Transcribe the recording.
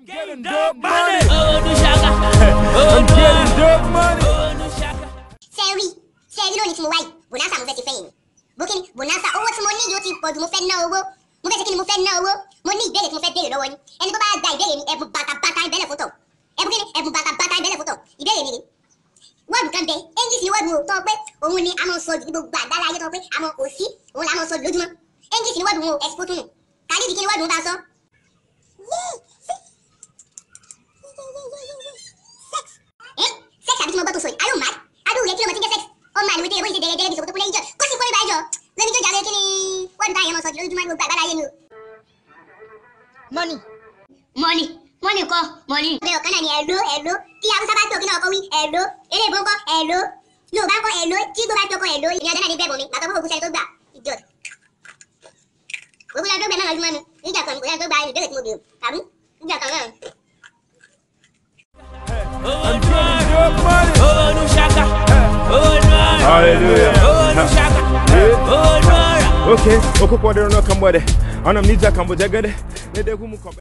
I'm getting dope money. Oh, I'm getting dope oh, money. Sẹ́rí sẹ́rí lónìí tí mo wáyé bonanza mo fẹ́ ti fẹ́yìn bó kí ni bonanza owó tí mo ní yóò ti pọ̀jù mo fẹ́ ná owó mo fẹ́ ṣe kí ni mo fẹ́ ná owó oh. mo ní ìbéèrè tí mo fẹ́ béèrè lọ́wọ́ yín ẹni tó bá gba ìbéèrè mi ẹ̀bùn bàtà bàtà ìbẹ̀lẹ̀ fótó ẹ̀bùn kí ni ẹ̀bùn bàtà bàtà ìbẹ̀lẹ̀ fótó ìbéèrè mi ni wọ́ọ̀dù kan bẹ english ni wọ́ọ̀dù tó pé òun ni àmọ́ sọ gbogbo àgbáláyé tó pé àmọ́ òsì òun làmọ́ sọ lójúmọ́ english ni wọ́ọ̀dù wọn ò ẹ̀sìpótùnù kàdídì kí ni wọ́ọ̀dù wọn bá sọ ń táyẹ̀ mọ́ sọ jù lójúmọ́ ní gbogbo àgbáláyé ni o. mọ́nì. mọ́nì mọ́nì kọ́ mọ́nì. ọbẹ̀ ọ̀kan náà ni ẹ̀ló ẹ̀ló tí haúsá bá tó kí náà kọ́ wí ẹ̀ló eré ìbò kọ́ ẹ̀ló yorùbá kọ́ ẹ̀ló tí gbogbo bá tó kọ́ ẹ̀ló ìyẹn ọjọ́ náà ní bẹ́ẹ̀ bọ̀ mi bàbá kókò kúṣẹ́ tó gbà ìjọ. gbogbo ọjọ́ bẹ́ẹ̀ náà lọ́jọ́ mọ́nu nígbà kan kò gbà ìbéèrè tí mo bèrè tàbí nígbà Hallelujah. oke okwu kwadoro n'ọka mgbede ọnọ m n'iji aka mgboje gede na-edegwu m kọmpe